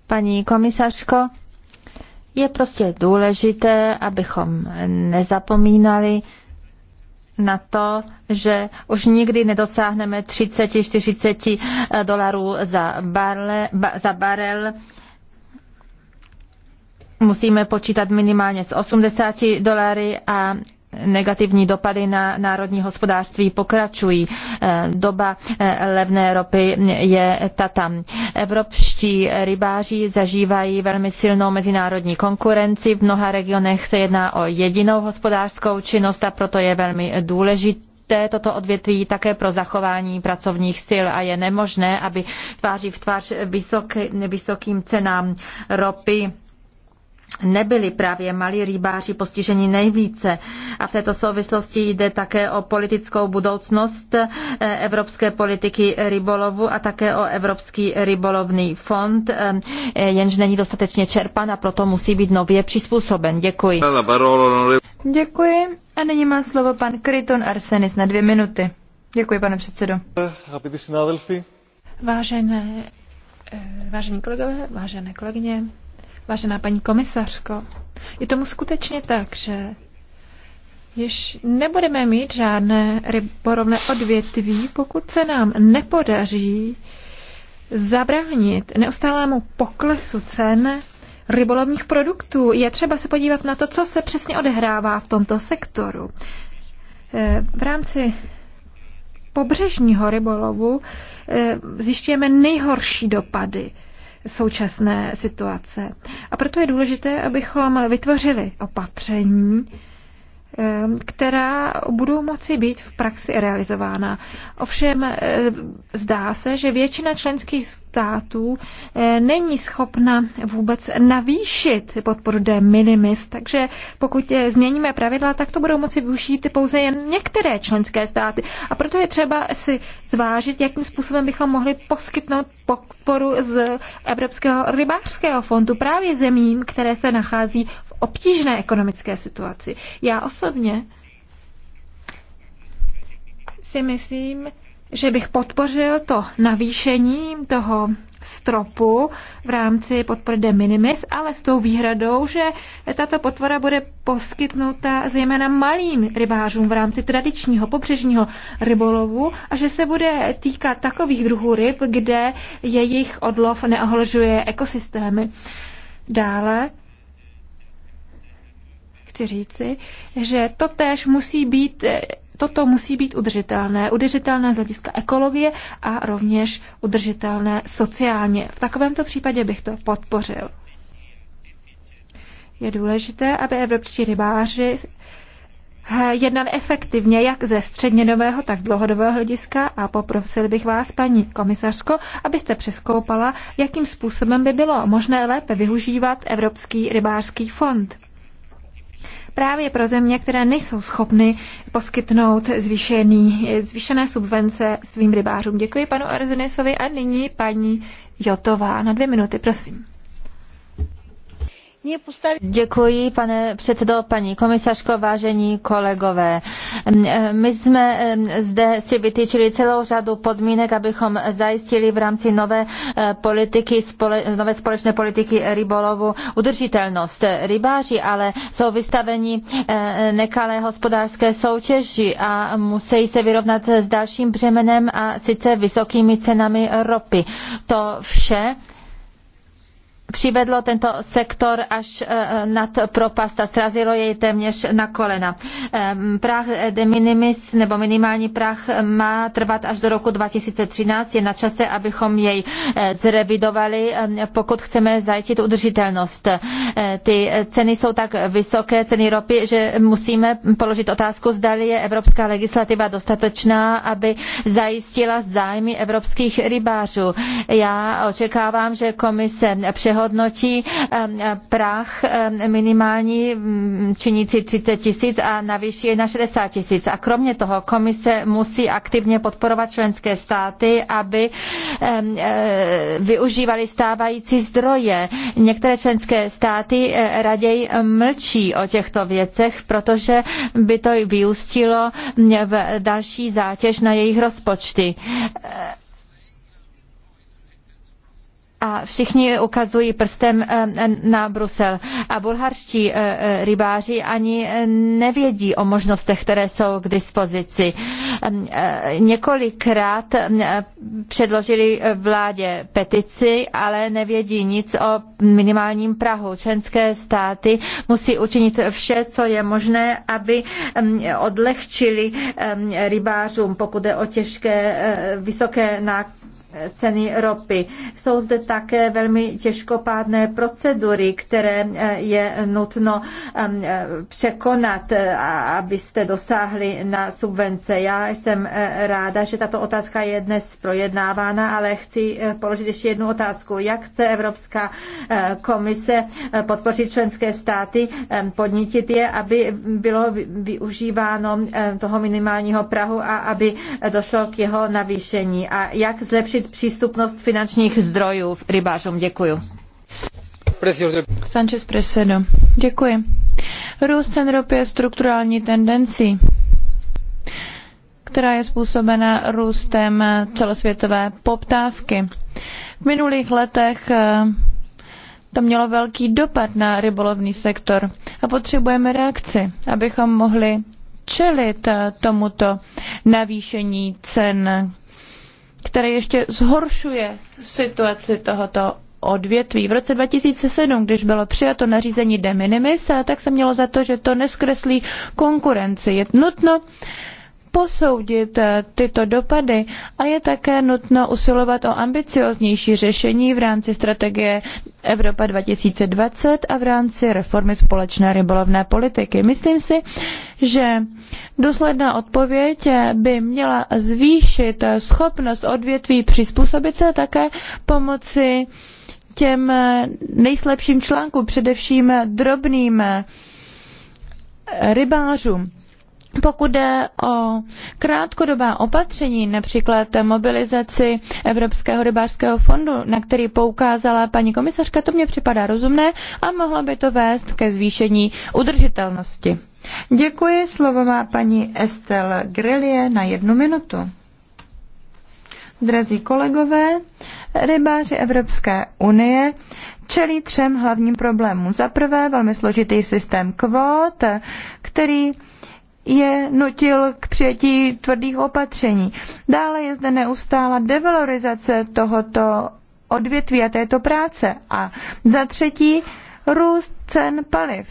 Paní komisařko, je prostě důležité, abychom nezapomínali, na to, že už nikdy nedosáhneme 30-40 eh, dolarů za, barle, ba, za barel. Musíme počítat minimálně s 80 dolary a negativní dopady na národní hospodářství pokračují. E, doba e, levné ropy je tam. Evropští rybáři zažívají velmi silnou mezinárodní konkurenci. V mnoha regionech se jedná o jedinou hospodářskou činnost a proto je velmi důležitý toto odvětví také pro zachování pracovních sil a je nemožné, aby tváří v tvář vysoký, vysokým cenám ropy nebyli právě malí rybáři postiženi nejvíce. A v této souvislosti jde také o politickou budoucnost eh, evropské politiky rybolovu a také o Evropský rybolovný fond, eh, jenž není dostatečně čerpan a proto musí být nově přizpůsoben. Děkuji. Děkuji. A nyní má slovo pan Kryton Arsenis na dvě minuty. Děkuji, pane předsedo. Vážené, eh, vážení kolegové, vážené kolegyně, Vážená paní komisařko, je tomu skutečně tak, že již nebudeme mít žádné ryborovné odvětví, pokud se nám nepodaří zabránit neustálému poklesu cen rybolovních produktů. Je třeba se podívat na to, co se přesně odehrává v tomto sektoru. Eh, v rámci pobřežního rybolovu eh, zjišťujeme nejhorší dopady současné situace. A proto je důležité, abychom vytvořili opatření, Ehm, která budou moci být v praxi realizována. Ovšem eh, zdá se, že většina členských států eh, není schopna vůbec navýšit podporu de minimis, takže pokud eh, změníme pravidla, tak to budou moci využít pouze jen některé členské státy. A proto je třeba si zvážit, jakým způsobem bychom mohli poskytnout podporu z Evropského rybářského fondu právě zemím, které se nachází obtížné ekonomické situaci. Já osobně si myslím, že bych podpořil to navýšení toho stropu v rámci podpory de minimis, ale s tou výhradou, že tato podpora bude poskytnuta zejména malým rybářům v rámci tradičního pobřežního rybolovu a že se bude týkat takových druhů ryb, kde jejich odlov neohlžuje ekosystémy. Dále chci říci, že to tež musí být eh, Toto musí být udržitelné, udržitelné z hlediska ekologie a rovněž udržitelné sociálně. V takovémto případě bych to podpořil. Je důležité, aby evropští rybáři eh, jednali efektivně jak ze střednědobého, tak dlouhodobého hlediska a poprosil bych vás, paní komisařko, abyste přeskoupala, jakým způsobem by bylo možné lépe využívat Evropský rybářský fond právě pro země, které nejsou schopny poskytnout zvýšený, zvýšené subvence svým rybářům. Děkuji panu Arzenesovi a nyní paní Jotová na dvě minuty, prosím. Děkuji, pane předsedo, paní komisařko, vážení kolegové. My jsme zde si vytýčili celou řadu podmínek, abychom zajistili v rámci nové eh, politiky, nové společné politiky rybolovu udržitelnost. Rybáři ale jsou vystaveni eh, nekalé hospodářské soutěži a musí se vyrovnat s dalším břemenem a sice vysokými cenami ropy. To vše přivedlo tento sektor až eh, nad propast a srazilo jej téměř na kolena. Ehm, prah de minimis nebo minimální prah ehm, má trvat až do roku 2013. Je na čase, abychom jej eh, zrevidovali, ehm, pokud chceme zajistit udržitelnost. Eh, ty ceny jsou tak vysoké, ceny ropy, že musíme položit otázku, zda je evropská legislativa dostatečná, aby zajistila zájmy evropských rybářů. Já očekávám, že komise přehodnotí hodnotí eh, prach eh, minimální mm, činící 30 tisíc a navýší je na 60 tisíc. A kromě toho komise musí aktivně podporovat členské státy, aby eh, využívali stávající zdroje. Některé členské státy raději mlčí o těchto věcech, protože by to vyústilo v další zátěž na jejich rozpočty a všichni ukazují prstem eh, na Brusel. A bulharští eh, eh, rybáři ani nevědí o možnostech, které jsou k dispozici. Ehm, několikrát předložili vládě petici, ale nevědí nic o minimálním Prahu. Členské státy musí učinit vše, co je možné, aby ehm, odlehčili ehm, rybářům, pokud je o těžké, vysoké náklady ceny ropy. Jsou zde také velmi těžkopádné procedury, které eh, je nutno ehm, eh, překonat, eh, abyste dosáhli na subvence. Já jsem ráda, že tato otázka je dnes projednávána, ale chci položit ještě jednu otázku. Jak chce Evropská komise podpořit členské státy, ehm, podnítit je, aby bylo využíváno toho minimálního Prahu a aby došlo k jeho navýšení? A jak zlepšit zlepšit přístupnost finančních zdrojů rybářům. Děkuji. Sanchez Presedo. Děkuji. Růst cen ropy je strukturální tendencí, která je způsobena růstem celosvětové poptávky. V minulých letech eh, to mělo velký dopad na rybolovný sektor a potřebujeme reakci, abychom mohli čelit eh, tomuto navýšení cen, které ještě zhoršuje situaci tohoto odvětví. V roce 2007, když bylo přijato nařízení de minimis, tak se mělo za to, že to neskreslí konkurenci. Je nutno posoudit eh, tyto dopady a je také nutno usilovat o ambicioznější řešení v rámci strategie Evropa 2020 a v rámci reformy společné rybolovné politiky. Myslím si, že důsledná odpověď eh, by měla zvýšit eh, schopnost odvětví přizpůsobit se a také pomoci těm nejslabším článkům, především drobným rybářům. Pokud jde o krátkodobá opatření, například mobilizaci Evropského rybářského fondu, na který poukázala paní komisařka, to mně připadá rozumné a mohlo by to vést ke zvýšení udržitelnosti. Děkuji, slovo má paní Estelle Grillie na jednu minutu. Drazí kolegové, rybáři Evropské unie čelí třem hlavním problémům. Za prvé velmi složitý systém kvót, který je nutil k přijetí tvrdých opatření. Dále je zde neustála devalorizace tohoto odvětví a této práce. A za třetí růst cen paliv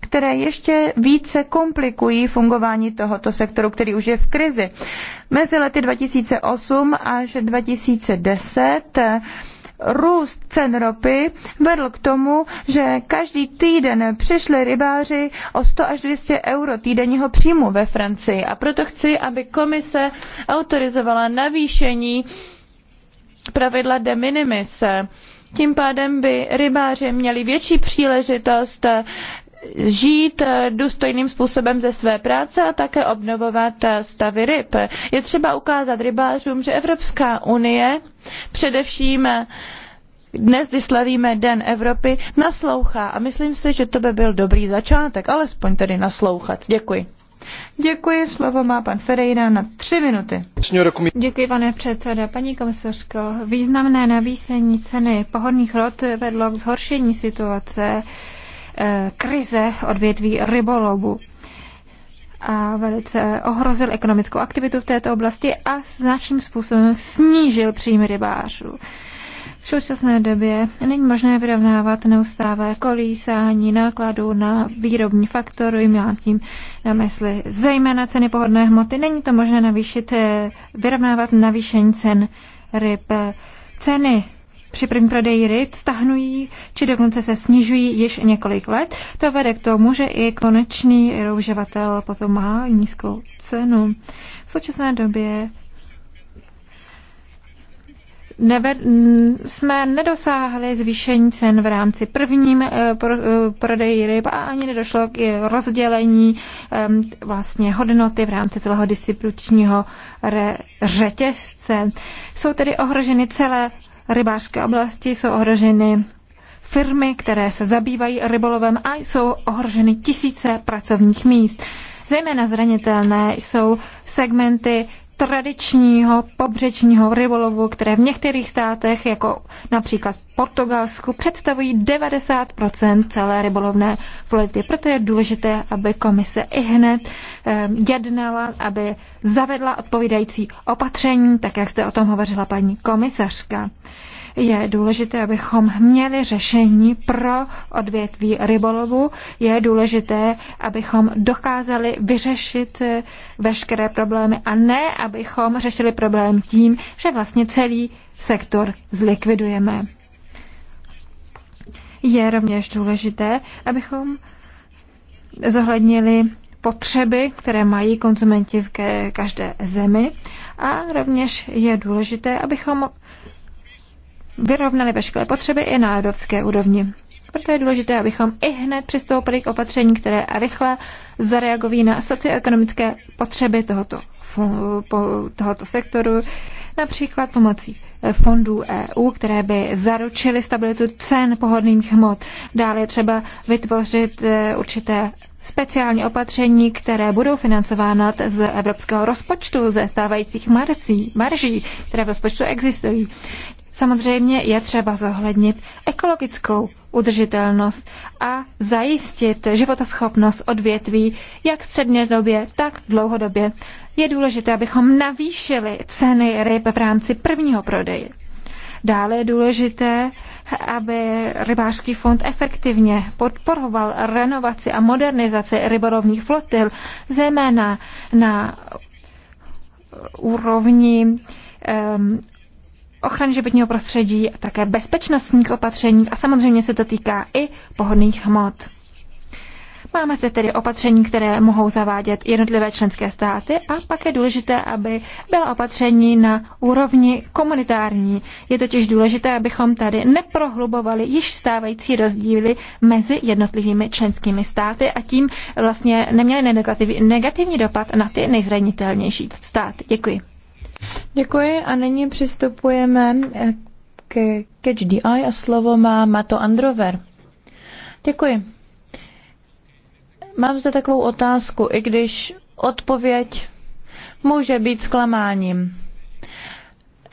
které ještě více komplikují fungování tohoto sektoru, který už je v krizi. Mezi lety 2008 až 2010 růst cen ropy vedl k tomu, že každý týden přišli rybáři o 100 až 200 euro týdenního příjmu ve Francii. A proto chci, aby komise autorizovala navýšení pravidla de minimis. Tím pádem by rybáři měli větší příležitost žít eh, důstojným způsobem ze své práce a také obnovovat eh, stavy ryb. Je třeba ukázat rybářům, že Evropská unie především eh, dnes, kdy slavíme Den Evropy, naslouchá a myslím si, že to by byl dobrý začátek, alespoň tedy naslouchat. Děkuji. Děkuji, slovo má pan Ferreira na tři minuty. Děkuji, pane předsedo. Paní komisařko, významné navýšení ceny pohonných rod vedlo k zhoršení situace Eh, krize odvětví rybolovu a velice ohrozil ekonomickou aktivitu v této oblasti a značným způsobem snížil příjmy rybářů. V současné době není možné vyrovnávat neustávé kolísání nákladů na výrobní faktory, mám tím na mysli zejména ceny pohodné hmoty. Není to možné navýšit, eh, vyrovnávat navýšení cen ryb. Ceny při první prodeji ryb stahnují či dokonce se snižují již několik let. To vede k tomu, že i konečný rouževatel potom má nízkou cenu. V současné době Never, jsme nedosáhli zvýšení cen v rámci prvním e, pro, e, prodeji ryb a ani nedošlo k rozdělení e, vlastně hodnoty v rámci celého distribučního re, řetězce. Jsou tedy ohroženy celé rybářské oblasti jsou ohroženy firmy, které se zabývají rybolovem a jsou ohroženy tisíce pracovních míst. Zejména zranitelné jsou segmenty tradičního pobřečního rybolovu, které v některých státech, jako například Portugalsku, představují 90 celé rybolovné flotily. Proto je důležité, aby komise i hned eh, jednala, aby zavedla odpovídající opatření, tak jak jste o tom hovořila paní komisařka. Je důležité, abychom měli řešení pro odvětví rybolovu. Je důležité, abychom dokázali vyřešit eh, veškeré problémy a ne, abychom řešili problém tím, že vlastně celý sektor zlikvidujeme. Je rovněž důležité, abychom zohlednili potřeby, které mají konzumenti v každé zemi a rovněž je důležité, abychom vyrovnali veškeré potřeby i na evropské úrovni. Proto je důležité, abychom i hned přistoupili k opatření, které rychle zareagují na socioekonomické potřeby tohoto, tohoto sektoru, například pomocí eh, fondů EU, které by zaručily stabilitu cen pohodlných hmot. Dále je třeba vytvořit eh, určité speciální opatření, které budou financována z evropského rozpočtu, ze stávajících marcí, marží, které v rozpočtu existují. Samozřejmě je třeba zohlednit ekologickou udržitelnost a zajistit životoschopnost odvětví jak v střednědobě, tak dlouhodobě. Je důležité, abychom navýšili ceny ryb v rámci prvního prodeje. Dále je důležité, aby rybářský fond efektivně podporoval renovaci a modernizaci rybolovních flotil, zejména na úrovni ochrany životního prostředí a také bezpečnostních opatření a samozřejmě se to týká i pohodných hmot. Máme se tedy opatření, které mohou zavádět jednotlivé členské státy a pak je důležité, aby byla opatření na úrovni komunitární. Je totiž důležité, abychom tady neprohlubovali již stávající rozdíly mezi jednotlivými členskými státy a tím vlastně neměli negativní dopad na ty nejzranitelnější státy. Děkuji. Děkuji a nyní přistupujeme eh, ke Catch the Eye a slovo má Mato Androver. Děkuji. Mám zde takovou otázku, i když odpověď může být zklamáním.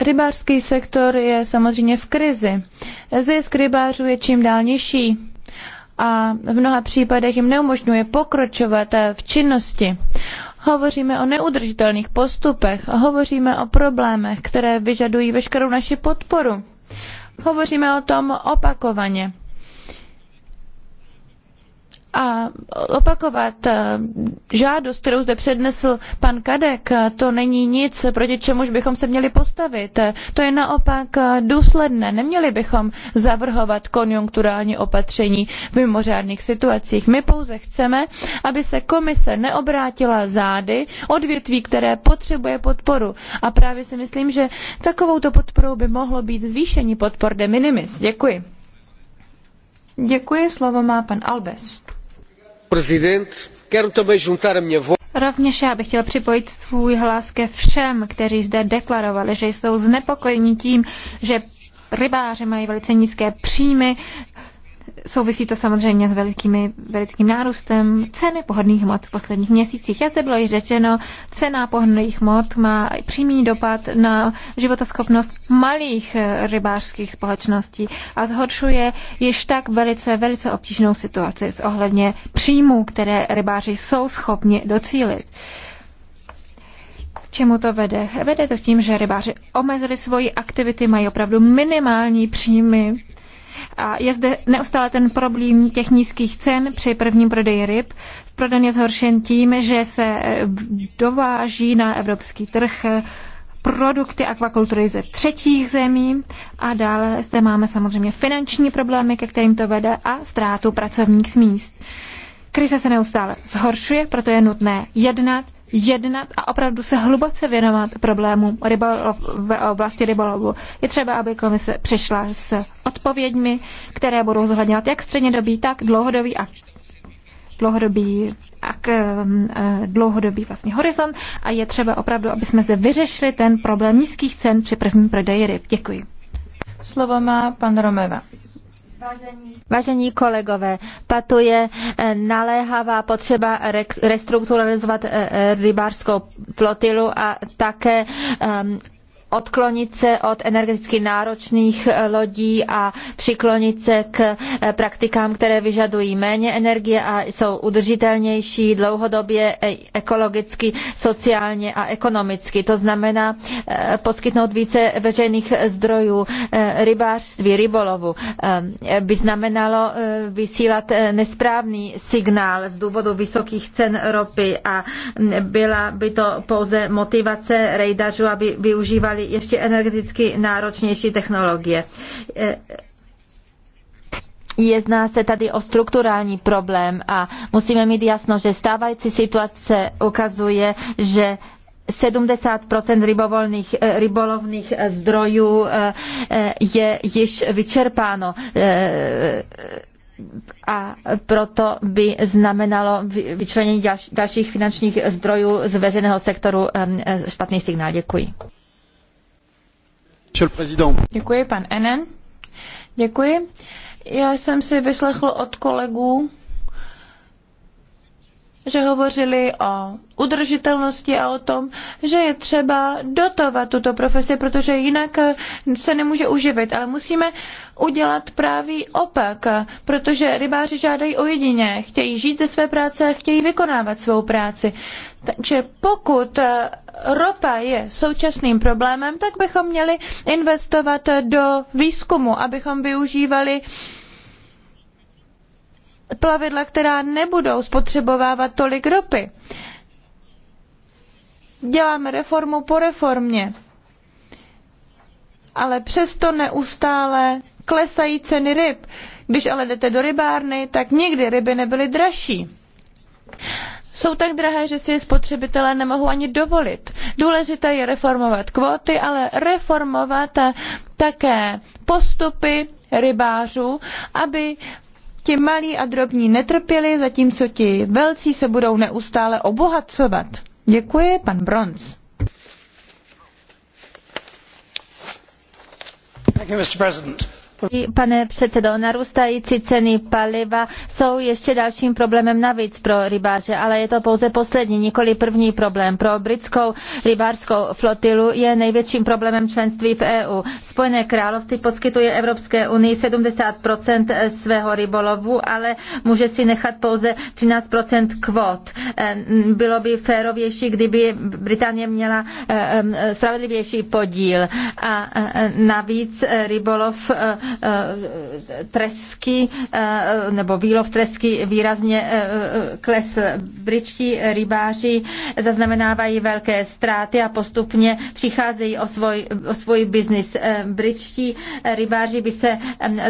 Rybářský sektor je samozřejmě v krizi. Zisk rybářů je čím dál nižší a v mnoha případech jim neumožňuje pokročovat v činnosti. Hovoříme o neudržitelných postupech, hovoříme o problémech, které vyžadují veškerou naši podporu. Hovoříme o tom opakovaně a opakovat eh, žádost, kterou zde přednesl pan Kadek, eh, to není nic, proti čemuž bychom se měli postavit. Eh, to je naopak důsledné. Neměli bychom zavrhovat konjunkturální opatření v mimořádných situacích. My pouze chceme, aby se komise neobrátila zády odvětví, které potřebuje podporu. A právě si myslím, že takovouto podporou by mohlo být zvýšení podpor de minimis. Děkuji. Děkuji, slovo má pan Albes. Rovněž já bych chtěl připojit svůj hlas ke všem, kteří zde deklarovali, že jsou znepokojeni tím, že rybáři mají velice nízké příjmy, Souvisí to samozřejmě s velikými, velikým nárůstem ceny pohodných hmot v posledních měsících. Jak se bylo již řečeno, cena pohodných hmot má přímý dopad na životoschopnost malých eh, rybářských společností a zhoršuje již tak velice, velice obtížnou situaci s ohledně příjmů, které rybáři jsou schopni docílit čemu to vede? Vede to tím, že rybáři omezili svoji aktivity, mají opravdu minimální příjmy a je zde neustále ten problém těch nízkých cen při prvním prodeji ryb. Prodan je zhoršen tím, že se eh, dováží na evropský trh eh, produkty akvakultury ze třetích zemí a dále zde máme samozřejmě finanční problémy, ke kterým to vede a ztrátu pracovních míst. Krize se neustále zhoršuje, proto je nutné jednat, jednat a opravdu se hluboce věnovat problému rybolov, v oblasti rybolovu. Je třeba, aby komise přišla s odpověďmi, které budou zohledňovat jak střednědobý, tak dlouhodobý a dlouhodobý, a k, um, eh, dlouhodobý vlastně horizont a je třeba opravdu, aby jsme zde vyřešili ten problém nízkých cen při prvním prodeji ryb. Děkuji. Slovo má pan Romeva. Vážení kolegové, patuje eh, naléhavá potřeba restrukturalizovat eh, eh, rybářskou flotilu a také ehm, odklonit se od energeticky náročných eh, lodí a přiklonit se k eh, praktikám, které vyžadují méně energie a jsou udržitelnější dlouhodobě, eh, ekologicky, sociálně a ekonomicky. To znamená poskytnout více veřejných zdrojů rybářství, rybolovu. By znamenalo vysílat nesprávný signál z důvodu vysokých cen ropy a mm, byla by to pouze motivace rejdařů, aby využívali používali ještě energeticky náročnější technologie. E, Jedná se tady o strukturální problém a musíme mít jasno, že stávající situace ukazuje, že 70 rybovolných, e, rybolovných zdrojů e, je již vyčerpáno a proto by znamenalo vyčlenění dalších finančních zdrojů z veřejného sektoru špatný signál. Děkuji. Děkuji, Enen. Děkuji. Já jsem si vyslechl od kolegů, že hovořili o udržitelnosti a o tom, že je třeba dotovat tuto profesi, protože jinak se nemůže uživit. Ale musíme udělat právě opak, protože rybáři žádají o jedině. Chtějí žít ze své práce a chtějí vykonávat svou práci. Takže pokud ropa je současným problémem, tak bychom měli investovat do výzkumu, abychom využívali uh, plavidla, která nebudou spotřebovávat tolik ropy. Děláme reformu po reformě, ale přesto neustále klesají ceny ryb. Když ale jdete do rybárny, tak nikdy ryby nebyly dražší. Jsou tak drahé, že si je spotřebitelé nemohou ani dovolit. Důležité je reformovat kvóty, ale reformovat také postupy rybářů, aby Ti malí a drobní netrpěli, zatímco ti velcí se budou neustále obohacovat. Děkuji, pan Bronz. Thank you, Mr. President. Pane předsedo, narůstající ceny paliva jsou ještě dalším problémem navíc pro rybáře, ale je to pouze poslední, nikoli první problém. Pro britskou rybářskou flotilu je největším problémem členství v EU. Spojené království poskytuje Evropské unii 70 svého rybolovu, ale může si nechat pouze 13 kvot. Bylo by férovější, kdyby Británie měla spravedlivější podíl. A navíc eh, rybolov eh, Eh, tresky eh, nebo výlov tresky výrazně eh, klesl. Britští rybáři zaznamenávají velké ztráty a postupně přicházejí o svůj, o svůj biznis. Britští rybáři by se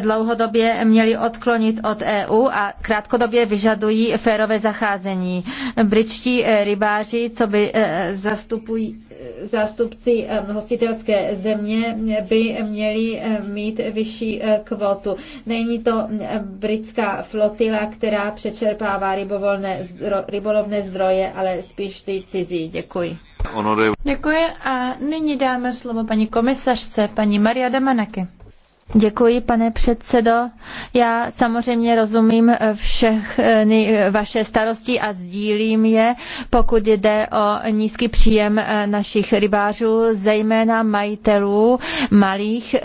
dlouhodobě měli odklonit od EU a krátkodobě vyžadují férové zacházení. Britští rybáři, co by zastupují, zástupci hostitelské země, by měli mít vyšší Eh, kvotu. Není to eh, britská flotila, která přečerpává rybovolné, rybolovné zdroje, ale spíš ty cizí. Děkuji. Děkuji a nyní dáme slovo paní komisařce, paní Maria Damanaky. Děkuji, pane předsedo. Já samozřejmě rozumím eh, všechny eh, vaše starosti a sdílím je, pokud jde o nízký příjem eh, našich rybářů, zejména majitelů malých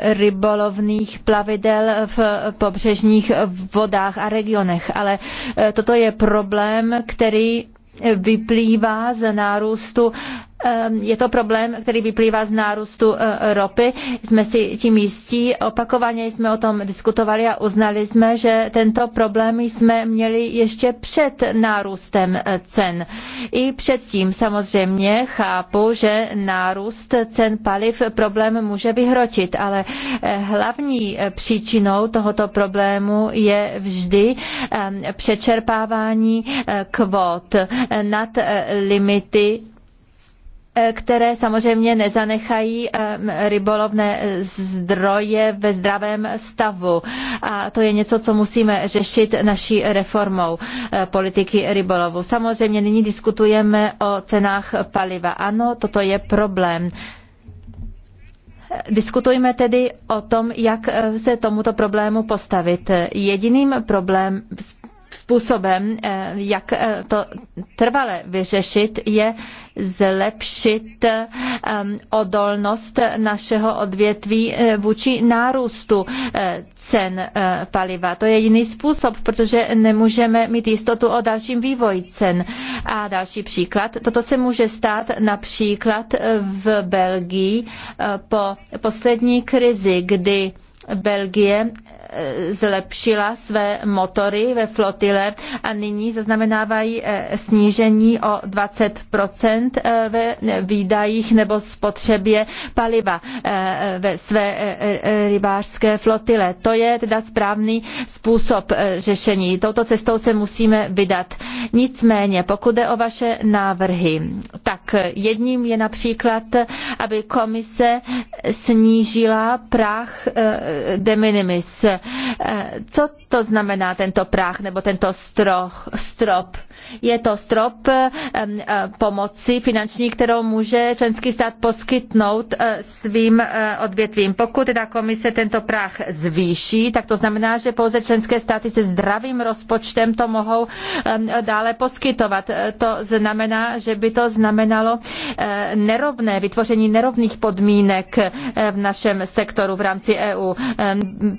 rybolovných plavidel v pobřežních vodách a regionech. Ale toto je problém, který vyplývá z nárůstu Ehm, je to problém, který vyplývá z nárůstu e, ropy. Jsme si tím jistí. Opakovaně jsme o tom diskutovali a uznali jsme, že tento problém jsme měli ještě před nárůstem e, cen. I předtím samozřejmě chápu, že nárůst cen paliv problém může vyhrotit, ale e, hlavní příčinou tohoto problému je vždy přečerpávání kvót nad limity Eh, které samozřejmě nezanechají eh, rybolovné eh, zdroje ve zdravém stavu. A to je něco, co musíme řešit naší reformou politiky rybolovu. Samozřejmě nyní diskutujeme o cenách paliva. Ano, toto je problém. Diskutujme tedy o tom, jak se tomuto problému postavit. Jediným problém, způsobem, eh, jak eh, to trvale vyřešit, je zlepšit eh, odolnost našeho odvětví vůči nárůstu cen paliva. To je jiný způsob, protože nemůžeme mít jistotu o dalším vývoji cen. A další příklad. Toto se může stát například v Belgii po poslední krizi, kdy Belgie Eh, zlepšila své motory ve flotile a nyní zaznamenávají eh, snížení o 20 eh, ve výdajích nebo spotřebě paliva ve své rybářské flotile. To je teda správný způsob řešení. Touto cestou se musíme vydat. Nicméně, pokud jde o vaše návrhy, tak jedním je například, aby komise snížila prach de minimis Eh, co to znamená tento práh nebo tento stroh, strop? Je to strop eh, eh, pomoci finanční, kterou může členský stát poskytnout svým odvětvím. Pokud teda komise tento práh zvýší, tak to znamená, že pouze členské státy se zdravým rozpočtem to mohou dále poskytovat. To znamená, že by to znamenalo nerovné, vytvoření nerovných podmínek v našem sektoru v rámci EU.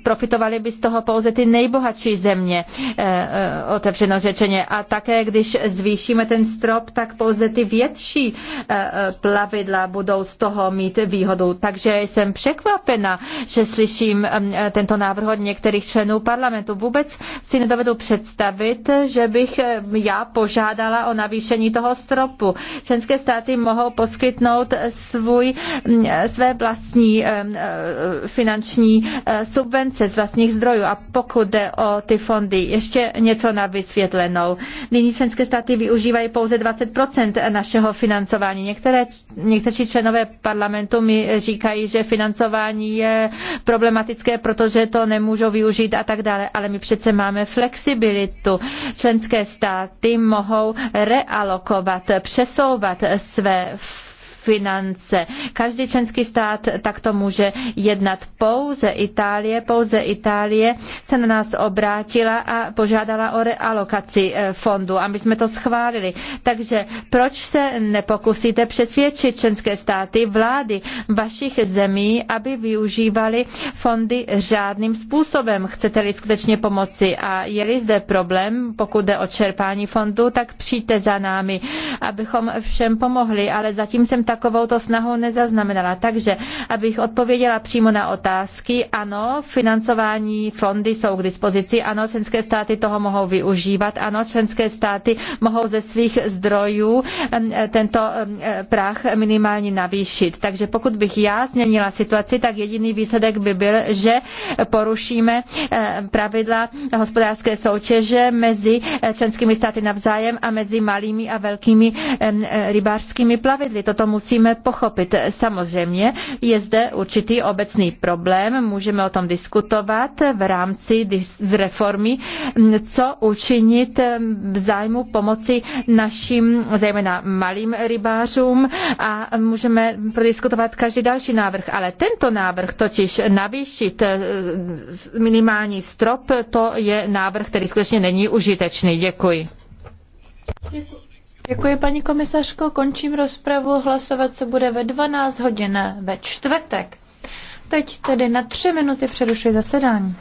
Profitovali Získali by z toho pouze ty nejbohatší země, eh, eh, otevřeno řečeně. A také, když zvýšíme ten strop, tak pouze ty větší eh, plavidla budou z toho mít výhodu. Takže jsem překvapena, že slyším mm, tento návrh od některých členů parlamentu. Vůbec si nedovedu představit, že bych já požádala o navýšení toho stropu. Členské státy mohou poskytnout svůj, mm, své vlastní finanční subvence z vlastní vlastních zdrojů. A pokud jde o ty fondy, ještě něco na vysvětlenou. Nyní členské státy využívají pouze 20 našeho financování. Některé, někteří členové parlamentu mi říkají, že financování je problematické, protože to nemůžou využít a tak dále. Ale my přece máme flexibilitu. Členské státy mohou realokovat, přesouvat své finance. Každý členský stát takto může jednat pouze Itálie, pouze Itálie se na nás obrátila a požádala o realokaci eh, fondu a my jsme to schválili. Takže proč se nepokusíte přesvědčit členské státy, vlády vašich zemí, aby využívali fondy řádným způsobem? Chcete-li skutečně pomoci a je-li zde problém, pokud jde o čerpání fondu, tak přijďte za námi, abychom všem pomohli, ale zatím jsem tak takovouto snahu nezaznamenala. Takže, abych odpověděla přímo na otázky, ano, financování fondy jsou k dispozici, ano, členské státy toho mohou využívat, ano, členské státy mohou ze svých zdrojů tento práh minimálně navýšit. Takže pokud bych já změnila situaci, tak jediný výsledek by byl, že porušíme pravidla hospodářské soutěže mezi eh, členskými státy navzájem a mezi malými a velkými eh, rybářskými plavidly. Toto musí musíme pochopit. Samozřejmě je zde určitý obecný problém, můžeme o tom diskutovat v rámci z reformy, co učinit v zájmu pomoci našim, zejména malým rybářům a můžeme prodiskutovat každý další návrh, ale tento návrh totiž navýšit eh, minimální strop, to je návrh, který skutečně není užitečný. Děkuji. Děkuji. Děkuji, paní komisařko. Končím rozpravu. Hlasovat se bude ve 12 hodin ve čtvrtek. Teď tedy na tři minuty přerušuji zasedání.